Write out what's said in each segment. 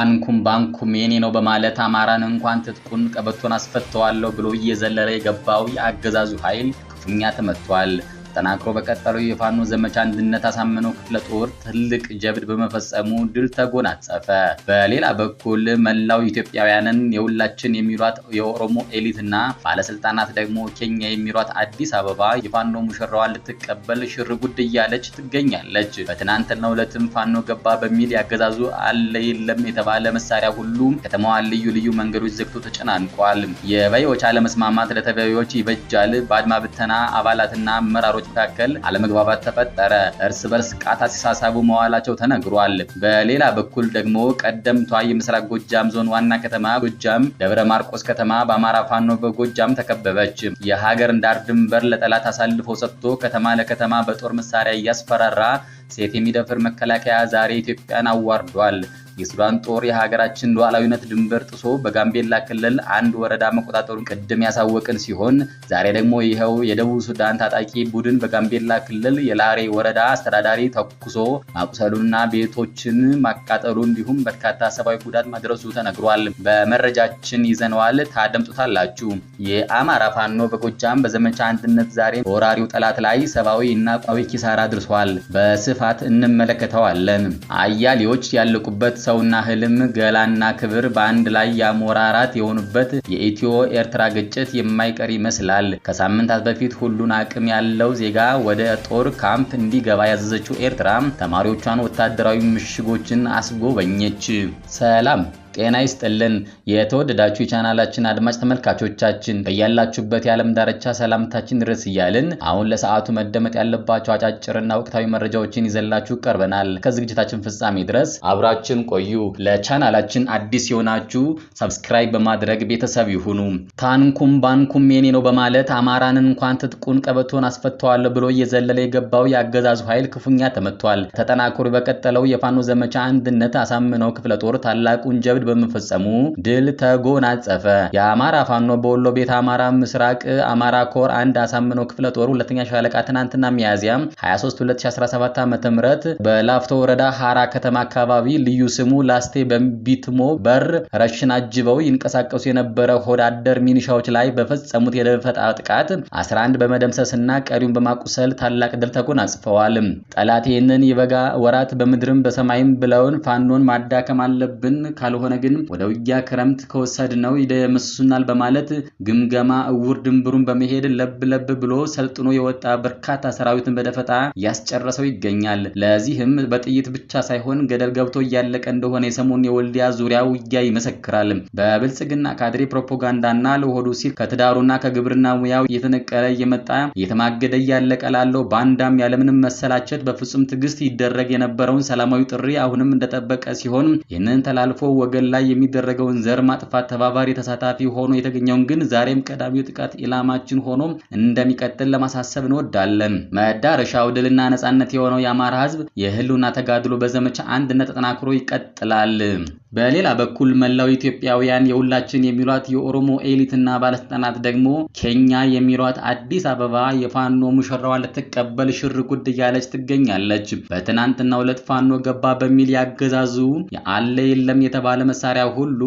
ባንኩም ባንኩም የኔ ነው በማለት አማራን እንኳን ትጥቁን ቀበቶን አስፈተዋለሁ ብሎ እየዘለለ የገባው የአገዛዙ ኃይል ክፉኛ ተመቷል። ተጠናክሮ በቀጠለው የፋኖ ዘመቻ አንድነት አሳምነው ክፍለ ጦር ትልቅ ጀብድ በመፈጸሙ ድል ተጎናጸፈ። በሌላ በኩል መላው ኢትዮጵያውያንን የሁላችን የሚሏት የኦሮሞ ኤሊትና ባለስልጣናት ደግሞ ኬንያ የሚሏት አዲስ አበባ የፋኖ ሙሽራዋን ልትቀበል ሽር ጉድ እያለች ትገኛለች። በትናንትናው ዕለትም ፋኖ ገባ በሚል ያገዛዙ አለ የለም የተባለ መሳሪያ ሁሉ ከተማዋን ልዩ ልዩ መንገዶች ዘግቶ ተጨናንቋል። የበይዎች አለመስማማት ለተበዮች ይበጃል። በአድማ ብተና አባላትና አመራሮች አመራሮች መካከል አለመግባባት ተፈጠረ። እርስ በርስ ቃታ ሲሳሳቡ መዋላቸው ተነግሯል። በሌላ በኩል ደግሞ ቀደምቷ የምስራቅ ጎጃም ዞን ዋና ከተማ ጎጃም ደብረ ማርቆስ ከተማ በአማራ ፋኖ በጎጃም ተከበበች። የሀገር ዳር ድንበር ለጠላት አሳልፎ ሰጥቶ ከተማ ለከተማ በጦር መሳሪያ እያስፈራራ ሴት የሚደፍር መከላከያ ዛሬ ኢትዮጵያን አዋርዷል። የሱዳን ጦር የሀገራችን ሉዓላዊነት ድንበር ጥሶ በጋምቤላ ክልል አንድ ወረዳ መቆጣጠሩን ቅድም ያሳወቅን ሲሆን ዛሬ ደግሞ ይኸው የደቡብ ሱዳን ታጣቂ ቡድን በጋምቤላ ክልል የላሬ ወረዳ አስተዳዳሪ ተኩሶ ማቁሰሉንና ቤቶችን ማቃጠሉ እንዲሁም በርካታ ሰብአዊ ጉዳት ማድረሱ ተነግሯል። በመረጃችን ይዘነዋል፣ ታደምጡታላችሁ። የአማራ ፋኖ በጎጃም በዘመቻ አንድነት ዛሬ በወራሪው ጠላት ላይ ሰብአዊ እና ቋዊ ኪሳራ አድርሷል። በስፋት እንመለከተዋለን። አያሌዎች ያለቁበት ሰውና ህልም፣ ገላና ክብር በአንድ ላይ ያሞራራት አራት የሆኑበት የኢትዮ ኤርትራ ግጭት የማይቀር ይመስላል። ከሳምንታት በፊት ሁሉን አቅም ያለው ዜጋ ወደ ጦር ካምፕ እንዲገባ ያዘዘችው ኤርትራ ተማሪዎቿን ወታደራዊ ምሽጎችን አስጎበኘች። ሰላም ጤና ይስጥልን የተወደዳችሁ የቻናላችን አድማጭ ተመልካቾቻችን በያላችሁበት የዓለም ዳርቻ ሰላምታችን ድረስ እያልን አሁን ለሰዓቱ መደመጥ ያለባቸው አጫጭርና ወቅታዊ መረጃዎችን ይዘላችሁ ቀርበናል። ከዝግጅታችን ፍጻሜ ድረስ አብራችን ቆዩ። ለቻናላችን አዲስ የሆናችሁ ሰብስክራይብ በማድረግ ቤተሰብ ይሁኑ። ታንኩም ባንኩም የኔ ነው በማለት አማራን እንኳን ትጥቁን ቀበቶን አስፈተዋለሁ ብሎ እየዘለለ የገባው የአገዛዙ ኃይል ክፉኛ ተመቷል። ተጠናክሮ በቀጠለው የፋኖ ዘመቻ አንድነት አሳምነው ክፍለ ጦር ታላቁን ዳዊት በመፈጸሙ ድል ተጎናጸፈ። የአማራ ፋኖ በወሎ ቤት አማራ ምስራቅ አማራ ኮር አንድ አሳምነው ክፍለ ጦር ሁለተኛ ሻለቃ ትናንትና ሚያዝያ 23 2017 ዓ.ም በላፍቶ ወረዳ ሐራ ከተማ አካባቢ ልዩ ስሙ ላስቴ በቢትሞ በር ረሽን አጅበው ይንቀሳቀሱ የነበረ ሆዳደር ሚኒሻዎች ላይ በፈጸሙት የደፈጣ ጥቃት 11 በመደምሰስና ቀሪውን በማቁሰል ታላቅ ድል ተጎናጽፈዋል። ጠላት ይህንን የበጋ ወራት በምድርም በሰማይም ብለውን ፋኖን ማዳከም አለብን ካልሆነ ከሆነ ግን ወደ ውጊያ ክረምት ከወሰድ ነው ይደመስሱናል በማለት ግምገማ እውር ድንብሩን በመሄድ ለብ ለብ ብሎ ሰልጥኖ የወጣ በርካታ ሰራዊትን በደፈጣ ያስጨረሰው ይገኛል። ለዚህም በጥይት ብቻ ሳይሆን ገደል ገብቶ እያለቀ እንደሆነ የሰሞኑን የወልዲያ ዙሪያ ውጊያ ይመሰክራል። በብልጽግና ካድሬ ፕሮፓጋንዳና ለሆዱ ሲል ከትዳሩና ከግብርና ሙያው እየተነቀለ እየመጣ እየተማገደ እያለቀ ላለው ባንዳም ያለምንም መሰላቸት በፍጹም ትዕግስት ይደረግ የነበረውን ሰላማዊ ጥሪ አሁንም እንደጠበቀ ሲሆን ይህንን ተላልፎ ወገ በወገን ላይ የሚደረገውን ዘር ማጥፋት ተባባሪ ተሳታፊ ሆኖ የተገኘውን ግን ዛሬም ቀዳሚው ጥቃት ኢላማችን ሆኖ እንደሚቀጥል ለማሳሰብ እንወዳለን። መዳረሻው ድልና ነጻነት የሆነው የአማራ ህዝብ የህልውና ተጋድሎ በዘመቻ አንድነት ተጠናክሮ ይቀጥላል። በሌላ በኩል መላው ኢትዮጵያውያን የሁላችን የሚሏት የኦሮሞ ኤሊትና ባለስልጣናት ደግሞ ኬኛ የሚሏት አዲስ አበባ የፋኖ ሙሽራዋ ልትቀበል ሽር ጉድ እያለች ትገኛለች። በትናንትናው ሁለት ፋኖ ገባ በሚል ያገዛዙ የአለ የለም የተባለ መሳሪያ ሁሉ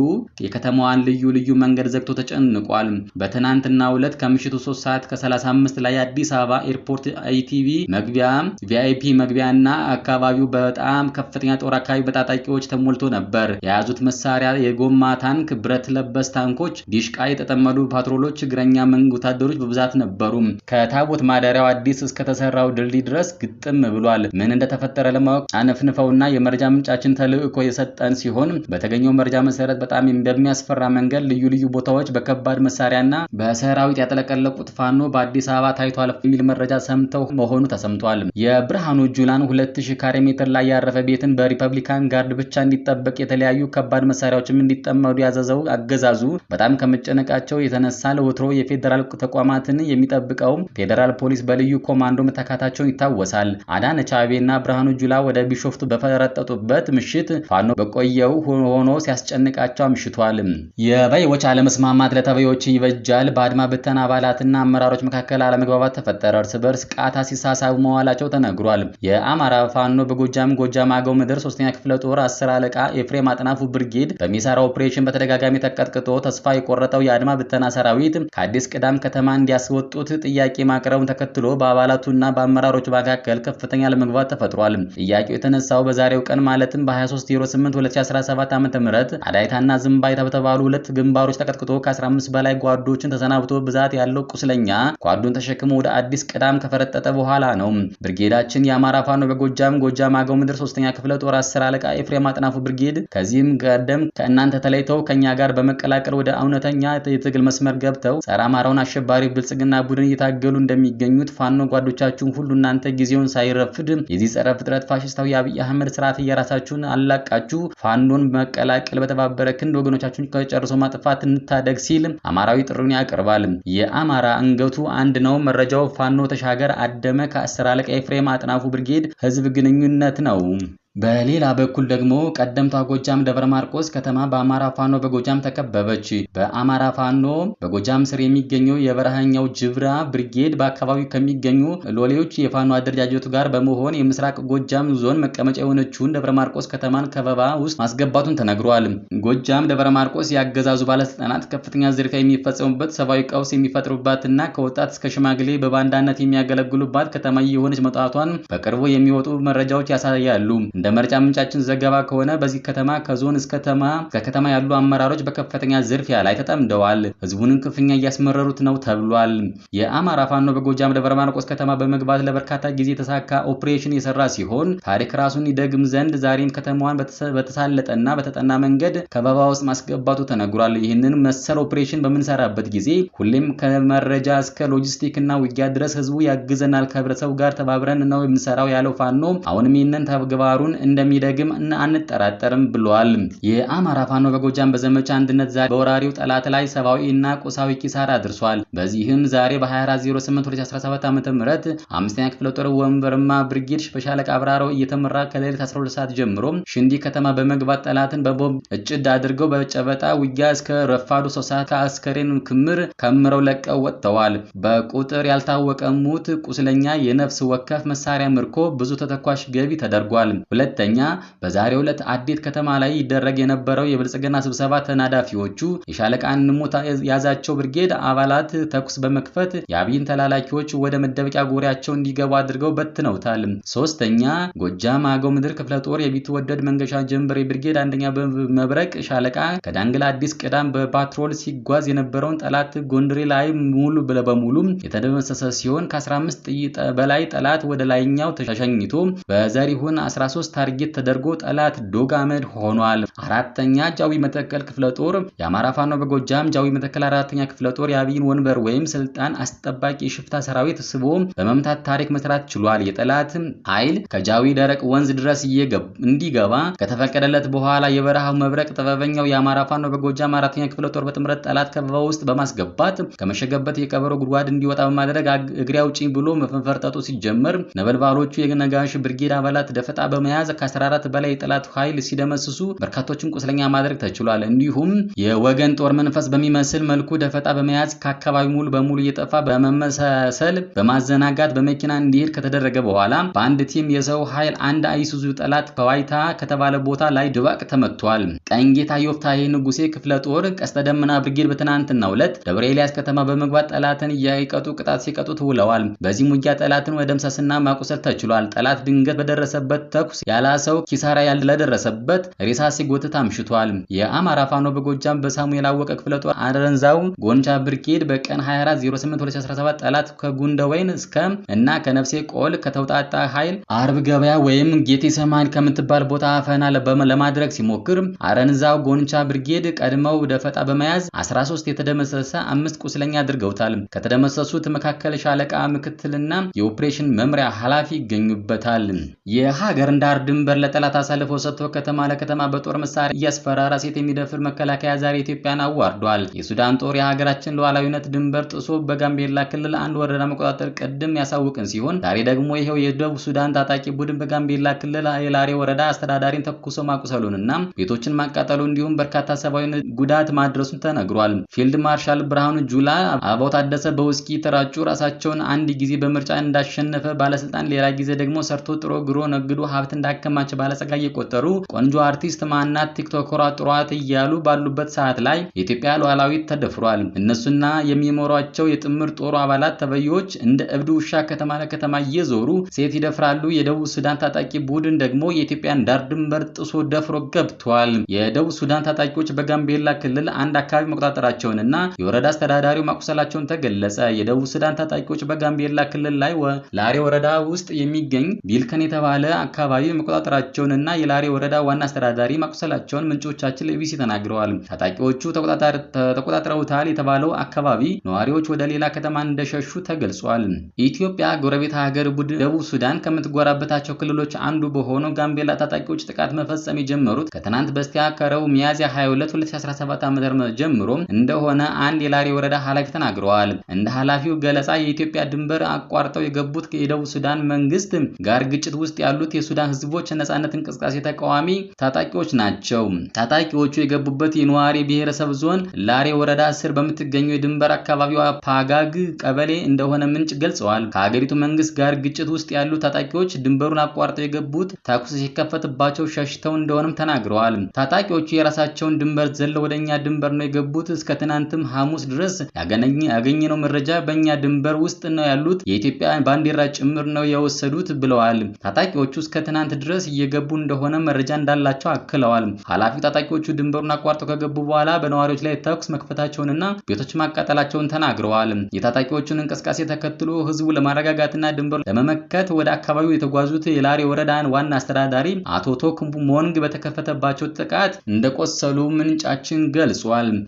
የከተማዋን ልዩ ልዩ መንገድ ዘግቶ ተጨንቋል። በትናንትናው ሁለት ከምሽቱ 3 ሰዓት ከ35 ላይ አዲስ አበባ ኤርፖርት አይቲቪ መግቢያ ቪአይፒ መግቢያ እና አካባቢው በጣም ከፍተኛ ጦር አካባቢ በታጣቂዎች ተሞልቶ ነበር። በያዙት መሳሪያ የጎማ ታንክ፣ ብረት ለበስ ታንኮች፣ ዲሽቃ የተጠመዱ ፓትሮሎች፣ እግረኛ መንግ ወታደሮች በብዛት ነበሩ። ከታቦት ማደሪያው አዲስ እስከተሰራው ድልድይ ድረስ ግጥም ብሏል። ምን እንደተፈጠረ ለማወቅ አነፍንፈውና የመረጃ ምንጫችን ተልዕኮ የሰጠን ሲሆን በተገኘው መረጃ መሰረት በጣም በሚያስፈራ መንገድ ልዩ ልዩ ቦታዎች በከባድ መሳሪያና በሰራዊት ያጠለቀለቁት ፋኖ በአዲስ አበባ ታይቷል የሚል መረጃ ሰምተው መሆኑ ተሰምቷል። የብርሃኑ ጁላን 2000 ካሬ ሜትር ላይ ያረፈ ቤትን በሪፐብሊካን ጋርድ ብቻ እንዲጠበቅ የተለያዩ የተለያዩ ከባድ መሳሪያዎችም እንዲጠመዱ ያዘዘው አገዛዙ በጣም ከመጨነቃቸው የተነሳ ለወትሮ የፌዴራል ተቋማትን የሚጠብቀው ፌዴራል ፖሊስ በልዩ ኮማንዶ መተካታቸውን ይታወሳል። አዳነች አቤቤና ብርሃኑ ጁላ ወደ ቢሾፍቱ በፈረጠጡበት ምሽት ፋኖ በቆየው ሆኖ ሲያስጨንቃቸው አምሽቷል። የበይዎች አለመስማማት ለተበዮች ይበጃል። በአድማ ብተን አባላትና አመራሮች መካከል አለመግባባት ተፈጠረ። እርስ በርስ ቃታ ሲሳሳቡ መዋላቸው ተነግሯል። የአማራ ፋኖ በጎጃም ጎጃም አገው ምድር ሶስተኛ ክፍለ ጦር አስር አለቃ ኤፍሬም አጥና አጥናፉ ብርጌድ በሚሳራ ኦፕሬሽን በተደጋጋሚ ተቀጥቅጦ ተስፋ የቆረጠው የአድማ ብተና ሰራዊት ከአዲስ ቅዳም ከተማ እንዲያስወጡት ጥያቄ ማቅረቡን ተከትሎ በአባላቱና በአመራሮች መካከል ከፍተኛ ለመግባት ተፈጥሯል። ጥያቄው የተነሳው በዛሬው ቀን ማለትም በ ዓ ዓ.ም አዳይታና ዝምባይታ በተባሉ ሁለት ግንባሮች ተቀጥቅጦ ከ15 በላይ ጓዶችን ተሰናብቶ ብዛት ያለው ቁስለኛ ጓዱን ተሸክሞ ወደ አዲስ ቅዳም ከፈረጠጠ በኋላ ነው። ብርጌዳችን የአማራ ፋኖ በጎጃም ጎጃም አገው ምድር ሶስተኛ ክፍለ ጦር አስር አለቃ ኤፍሬም አጥናፉ ብርጌድ ከዚህ ከዚህም ቀደም ከእናንተ ተለይተው ከእኛ ጋር በመቀላቀል ወደ እውነተኛ የትግል መስመር ገብተው ጸረ አማራውን አሸባሪ ብልጽግና ቡድን እየታገሉ እንደሚገኙት ፋኖ ጓዶቻችሁን ሁሉ እናንተ ጊዜውን ሳይረፍድ የዚህ ጸረ ፍጥረት ፋሽስታዊ የአብይ አህመድ ስርዓት እየራሳችሁን አላቃችሁ ፋኖን መቀላቀል በተባበረ ክንድ ወገኖቻችሁን ከጨርሶ ማጥፋት እንታደግ ሲል አማራዊ ጥሪውን ያቀርባል። የአማራ አንገቱ አንድ ነው። መረጃው ፋኖ ተሻገር አደመ ከአስር አለቃ ኤፍሬም አጥናፉ ብርጌድ ህዝብ ግንኙነት ነው። በሌላ በኩል ደግሞ ቀደምቷ ጎጃም ደብረ ማርቆስ ከተማ በአማራ ፋኖ በጎጃም ተከበበች። በአማራ ፋኖ በጎጃም ስር የሚገኘው የበረሃኛው ጅብራ ብርጌድ በአካባቢው ከሚገኙ ሎሌዎች የፋኖ አደረጃጀቱ ጋር በመሆን የምስራቅ ጎጃም ዞን መቀመጫ የሆነችውን ደብረ ማርቆስ ከተማን ከበባ ውስጥ ማስገባቱን ተነግሯል። ጎጃም ደብረ ማርቆስ የአገዛዙ ባለስልጣናት ከፍተኛ ዝርፊያ የሚፈጸሙበት፣ ሰብአዊ ቀውስ የሚፈጥሩባትና ከወጣት እስከ ሽማግሌ በባንዳነት የሚያገለግሉባት ከተማ የሆነች መውጣቷን በቅርቡ የሚወጡ መረጃዎች ያሳያሉ። እንደ መረጃ ምንጫችን ዘገባ ከሆነ በዚህ ከተማ ከዞን እስከ ከተማ ያሉ አመራሮች በከፍተኛ ዝርፊያ ላይ ተጠምደዋል። ህዝቡንም ክፍኛ እያስመረሩት ነው ተብሏል። የአማራ ፋኖ በጎጃም ደብረ ማርቆስ ከተማ በመግባት ለበርካታ ጊዜ የተሳካ ኦፕሬሽን የሰራ ሲሆን ታሪክ ራሱን ይደግም ዘንድ ዛሬም ከተማዋን በተሳለጠና በተጠና መንገድ ከበባ ውስጥ ማስገባቱ ተነግሯል። ይህንን መሰል ኦፕሬሽን በምንሰራበት ጊዜ ሁሌም ከመረጃ እስከ ሎጂስቲክ እና ውጊያ ድረስ ህዝቡ ያግዘናል። ከህብረተሰቡ ጋር ተባብረን ነው የምንሰራው ያለው ፋኖ አሁንም ይህንን ተግባሩን መሆኑን እንደሚደግም አንጠራጠርም ብሏል። የአማራ ፋኖ በጎጃም በዘመቻ አንድነት ዛሬ በወራሪው ጠላት ላይ ሰብአዊ እና ቁሳዊ ኪሳራ አድርሷል። በዚህም ዛሬ በ ዓ ዓ.ም አምስተኛ ክፍለ ጦር ወንበርማ ብርጌድ በሻለቃ አብራረው እየተመራ ከሌሊት 12 ሰዓት ጀምሮ ሽንዲ ከተማ በመግባት ጠላትን በቦምብ እጭድ አድርገው በጨበጣ ውጊያ እስከ ረፋዱ ሶስት ሰዓት ከአስከሬን ክምር ከምረው ለቀው ወጥተዋል። በቁጥር ያልታወቀ ሙት፣ ቁስለኛ፣ የነፍስ ወከፍ መሳሪያ ምርኮ፣ ብዙ ተተኳሽ ገቢ ተደርጓል። ሁለተኛ በዛሬ ዕለት አዴት ከተማ ላይ ይደረግ የነበረው የብልጽግና ስብሰባ ተናዳፊዎቹ የሻለቃ እንሞት ያዛቸው ብርጌድ አባላት ተኩስ በመክፈት የአብይን ተላላኪዎች ወደ መደበቂያ ጎሪያቸው እንዲገቡ አድርገው በትነውታል። ሶስተኛ ጎጃም አገው ምድር ክፍለ ጦር የቢትወደድ መንገሻ ጀንበሬ ብርጌድ አንደኛ በመብረቅ ሻለቃ ከዳንግላ አዲስ ቅዳም በፓትሮል ሲጓዝ የነበረውን ጠላት ጎንደሬ ላይ ሙሉ በሙሉ የተደመሰሰ ሲሆን ከ15 በላይ ጠላት ወደ ላይኛው ተሸኝቶ በዘሪሁን 13 ታርጌት ተደርጎ ጠላት ዶግ አመድ ሆኗል። አራተኛ ጃዊ መተከል ክፍለ ጦር የአማራ ፋኖ በጎጃም ጃዊ መተከል አራተኛ ክፍለ ጦር የአብይን ወንበር ወይም ስልጣን አስጠባቂ የሽፍታ ሰራዊት ስቦ በመምታት ታሪክ መስራት ችሏል። የጠላት ኃይል ከጃዊ ደረቅ ወንዝ ድረስ እንዲገባ ከተፈቀደለት በኋላ የበረሃው መብረቅ ጥበበኛው የአማራ ፋኖ በጎጃም አራተኛ ክፍለ ጦር በጥምረት ጠላት ከበባ ውስጥ በማስገባት ከመሸገበት የቀበሮ ጉድጓድ እንዲወጣ በማድረግ እግሬ አውጪኝ ብሎ መፈንፈርጠጡ ሲጀመር ነበልባሎቹ የነጋሽ ብርጌድ አባላት ደፈጣ በመያ በመያዝ ከ14 በላይ የጠላት ኃይል ሲደመስሱ በርካቶችን ቁስለኛ ማድረግ ተችሏል። እንዲሁም የወገን ጦር መንፈስ በሚመስል መልኩ ደፈጣ በመያዝ ከአካባቢ ሙሉ በሙሉ እየጠፋ በመመሳሰል በማዘናጋት በመኪና እንዲሄድ ከተደረገ በኋላ በአንድ ቲም የሰው ኃይል አንድ አይሱዙ ጠላት ከዋይታ ከተባለ ቦታ ላይ ድባቅ ተመቷል። ቀንጌታ ዮፍታሄ ንጉሴ ክፍለ ጦር ቀስተ ደመና ብርጌድ በትናንትናው ዕለት ደብረ ኤልያስ ከተማ በመግባት ጠላትን እያይቀጡ ቅጣት ሲቀጡ ውለዋል። በዚህም ውጊያ ጠላትን መደምሰስና ማቁሰል ተችሏል። ጠላት ድንገት በደረሰበት ተኩስ ያላ ሰው ኪሳራ ያልደረሰበት ሬሳ ሲጎትት አምሽቷል። የአማራ ፋኖ በጎጃም በሳሙኤል አወቀ ክፍለ ጦር አረንዛው ጎንቻ ብርጌድ በቀን 24082017 ጠላት ወይን እስከ እና ከነፍሴ ቆል ከተውጣጣ ኃይል አርብ ገበያ ወይም ጌቴ ሰማን ከምትባል ቦታ አፈና ለማድረግ ሲሞክር አረንዛው ጎንቻ ብርጌድ ቀድመው ደፈጣ በመያዝ 13 የተደመሰሰ አምስት ቁስለኛ አድርገውታል። ከተደመሰሱት መካከል ሻለቃ ምክትልና የኦፕሬሽን መምሪያ ኃላፊ ይገኙበታል። የሀገር እንዳ ዳር ድንበር ለጠላት አሳልፎ ሰጥቶ ከተማ ለከተማ በጦር መሳሪያ እያስፈራራ ሴት የሚደፍር መከላከያ ዛሬ ኢትዮጵያን አዋርዷል። የሱዳን ጦር የሀገራችን ሉዓላዊነት ድንበር ጥሶ በጋምቤላ ክልል አንድ ወረዳ መቆጣጠር ቅድም ያሳውቅን ሲሆን ዛሬ ደግሞ ይኸው የደቡብ ሱዳን ታጣቂ ቡድን በጋምቤላ ክልል የላሬ ወረዳ አስተዳዳሪን ተኩሶ ማቁሰሉንና ቤቶችን ማቃጠሉ እንዲሁም በርካታ ሰብአዊ ጉዳት ማድረሱን ተነግሯል። ፊልድ ማርሻል ብርሃኑ ጁላ አበባው ታደሰ በውስኪ ተራጩ ራሳቸውን አንድ ጊዜ በምርጫ እንዳሸነፈ ባለስልጣን ሌላ ጊዜ ደግሞ ሰርቶ ጥሮ ግሮ ነግዶ ሀብት እንዳከማች ባለጸጋ እየቆጠሩ ቆንጆ አርቲስት ማናት ቲክቶከሯ ጥሯት እያሉ ባሉበት ሰዓት ላይ የኢትዮጵያ ሉዓላዊት ተደፍሯል። እነሱና የሚመሯቸው የጥምር ጦሩ አባላት ተበዮች እንደ እብድ ውሻ ከተማ ለከተማ እየዞሩ ሴት ይደፍራሉ። የደቡብ ሱዳን ታጣቂ ቡድን ደግሞ የኢትዮጵያን ዳር ድንበር ጥሶ ደፍሮ ገብቷል። የደቡብ ሱዳን ታጣቂዎች በጋምቤላ ክልል አንድ አካባቢ መቆጣጠራቸውንና የወረዳ አስተዳዳሪው ማቁሰላቸውን ተገለጸ። የደቡብ ሱዳን ታጣቂዎች በጋምቤላ ክልል ላይ ላሬ ወረዳ ውስጥ የሚገኝ ቢልከን የተባለ አካባቢ ኃይል መቆጣጠራቸውንና የላሬ ወረዳ ዋና አስተዳዳሪ ማቁሰላቸውን ምንጮቻችን ለቢሲ ተናግረዋል። ታጣቂዎቹ ተቆጣጥረውታል የተባለው አካባቢ ነዋሪዎች ወደ ሌላ ከተማ እንደሸሹ ተገልጿል። ኢትዮጵያ ጎረቤት ሀገር ቡድን ደቡብ ሱዳን ከምትጎራበታቸው ክልሎች አንዱ በሆነው ጋምቤላ ታጣቂዎች ጥቃት መፈጸም የጀመሩት ከትናንት በስቲያ ከረቡዕ ሚያዝያ 22 2017 ዓ.ም ጀምሮ እንደሆነ አንድ የላሪ ወረዳ ኃላፊ ተናግረዋል። እንደ ኃላፊው ገለጻ የኢትዮጵያ ድንበር አቋርጠው የገቡት የደቡብ ሱዳን መንግስት ጋር ግጭት ውስጥ ያሉት የሱዳን ህዝቦች ነጻነት እንቅስቃሴ ተቃዋሚ ታጣቂዎች ናቸው። ታጣቂዎቹ የገቡበት የነዋሪ ብሔረሰብ ዞን ላሬ ወረዳ ስር በምትገኘው የድንበር አካባቢዋ ፓጋግ ቀበሌ እንደሆነ ምንጭ ገልጸዋል። ከሀገሪቱ መንግስት ጋር ግጭት ውስጥ ያሉ ታጣቂዎች ድንበሩን አቋርጠው የገቡት ተኩስ ሲከፈትባቸው ሸሽተው እንደሆነም ተናግረዋል። ታጣቂዎቹ የራሳቸውን ድንበር ዘለው ወደ እኛ ድንበር ነው የገቡት። እስከ ትናንትም ሐሙስ ድረስ ያገኘነው መረጃ በእኛ ድንበር ውስጥ ነው ያሉት፣ የኢትዮጵያ ባንዲራ ጭምር ነው የወሰዱት ብለዋል። ታጣቂዎቹ እስከ ትናንት ድረስ እየገቡ እንደሆነ መረጃ እንዳላቸው አክለዋል። ኃላፊው ታጣቂዎቹ ድንበሩን አቋርጠው ከገቡ በኋላ በነዋሪዎች ላይ ተኩስ መክፈታቸውንና ቤቶች ማቃጠላቸውን ተናግረዋል። የታጣቂዎቹን እንቅስቃሴ ተከትሎ ህዝቡ ለማረጋጋትና ድንበሩ ለመመከት ወደ አካባቢው የተጓዙት የላሬ ወረዳን ዋና አስተዳዳሪ አቶ ቶክምቡ ሞንግ በተከፈተባቸው ጥቃት እንደቆሰሉ ምንጫችን ገልጿል።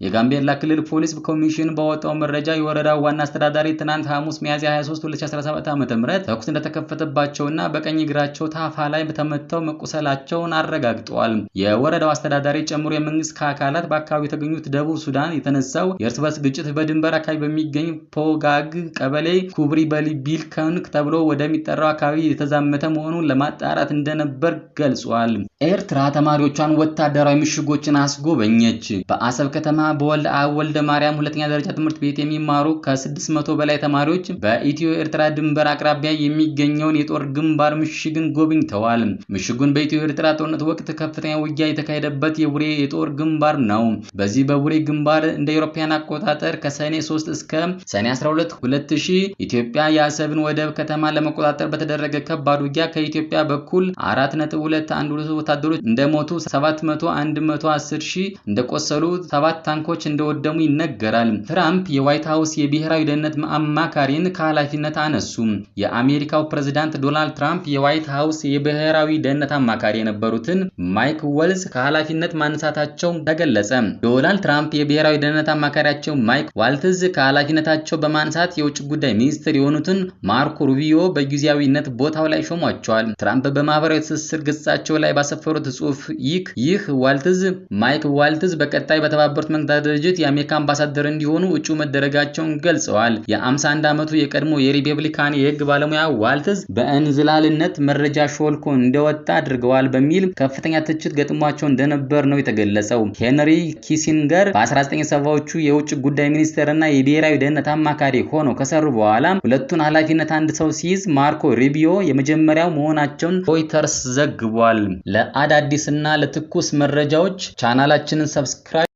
የጋምቤላ ክልል ፖሊስ ኮሚሽን ባወጣው መረጃ የወረዳው ዋና አስተዳዳሪ ትናንት ሐሙስ ሚያዝያ 23 2017 ዓ.ም ተኩስ እንደተከፈተባቸውና በቀኝ እግራቸው ታፋ ላይ ተመተው መቁሰላቸውን አረጋግጠዋል። የወረዳው አስተዳዳሪ ጨምሮ የመንግስት አካላት በአካባቢው የተገኙት ደቡብ ሱዳን የተነሳው የእርስ በርስ ግጭት በድንበር አካባቢ በሚገኝ ፖጋግ ቀበሌ ኩብሪ በሊቢልከንክ ተብሎ ወደሚጠራው አካባቢ የተዛመተ መሆኑን ለማጣራት እንደነበር ገልጿል። ኤርትራ ተማሪዎቿን ወታደራዊ ምሽጎችን አስጎበኘች። በአሰብ ከተማ በወልደ አብ ወልደ ማርያም ሁለተኛ ደረጃ ትምህርት ቤት የሚማሩ ከ600 በላይ ተማሪዎች በኢትዮ ኤርትራ ድንበር አቅራቢያ የሚገኘውን የጦር ግንባር ምሽግን ጎብኝተዋል። ምሽጉን በኢትዮ ኤርትራ ጦርነት ወቅት ከፍተኛ ውጊያ የተካሄደበት የቡሬ የጦር ግንባር ነው። በዚህ በቡሬ ግንባር እንደ አውሮፓውያን አቆጣጠር ከሰኔ 3 እስከ ሰኔ 12 2000 ኢትዮጵያ የአሰብን ወደብ ከተማ ለመቆጣጠር በተደረገ ከባድ ውጊያ ከኢትዮጵያ በኩል 4.2 ወታደሮች እንደሞቱ 700 110 ሺህ እንደቆሰሉ ሰባት ታንኮች እንደወደሙ ይነገራል። ትራምፕ የዋይት ሀውስ የብሔራዊ ደህንነት አማካሪን ከኃላፊነት አነሱ። የአሜሪካው ፕሬዝዳንት ዶናልድ ትራምፕ የዋይት ሀውስ የብሔራዊ ደህንነት አማካሪ የነበሩትን ማይክ ወልዝ ከኃላፊነት ማንሳታቸው ተገለጸ። ዶናልድ ትራምፕ የብሔራዊ ደህንነት አማካሪያቸው ማይክ ዋልትዝ ከኃላፊነታቸው በማንሳት የውጭ ጉዳይ ሚኒስትር የሆኑትን ማርኮ ሩቢዮ በጊዜያዊነት ቦታው ላይ ሾሟቸዋል። ትራምፕ በማህበራዊ ትስስር ገጻቸው ላይ ባሰ ያሰፈሩት ጽሁፍ ይክ ይህ ዋልትዝ ማይክ ዋልትዝ በቀጣይ በተባበሩት መንግስታት ድርጅት የአሜሪካ አምባሳደር እንዲሆኑ እጩ መደረጋቸውን ገልጸዋል። የ51 ዓመቱ የቀድሞ የሪፐብሊካን የህግ ባለሙያ ዋልትዝ በእንዝላልነት መረጃ ሾልኮ እንደወጣ አድርገዋል በሚል ከፍተኛ ትችት ገጥሟቸው እንደነበር ነው የተገለጸው። ሄንሪ ኪሲንገር በ1970ዎቹ የውጭ ጉዳይ ሚኒስቴር እና የብሔራዊ ደህንነት አማካሪ ሆነው ከሰሩ በኋላ ሁለቱን ኃላፊነት አንድ ሰው ሲይዝ ማርኮ ሪቢዮ የመጀመሪያው መሆናቸውን ሮይተርስ ዘግቧል። ለአዳዲስና ለትኩስ መረጃዎች ቻናላችንን ሰብስክራይብ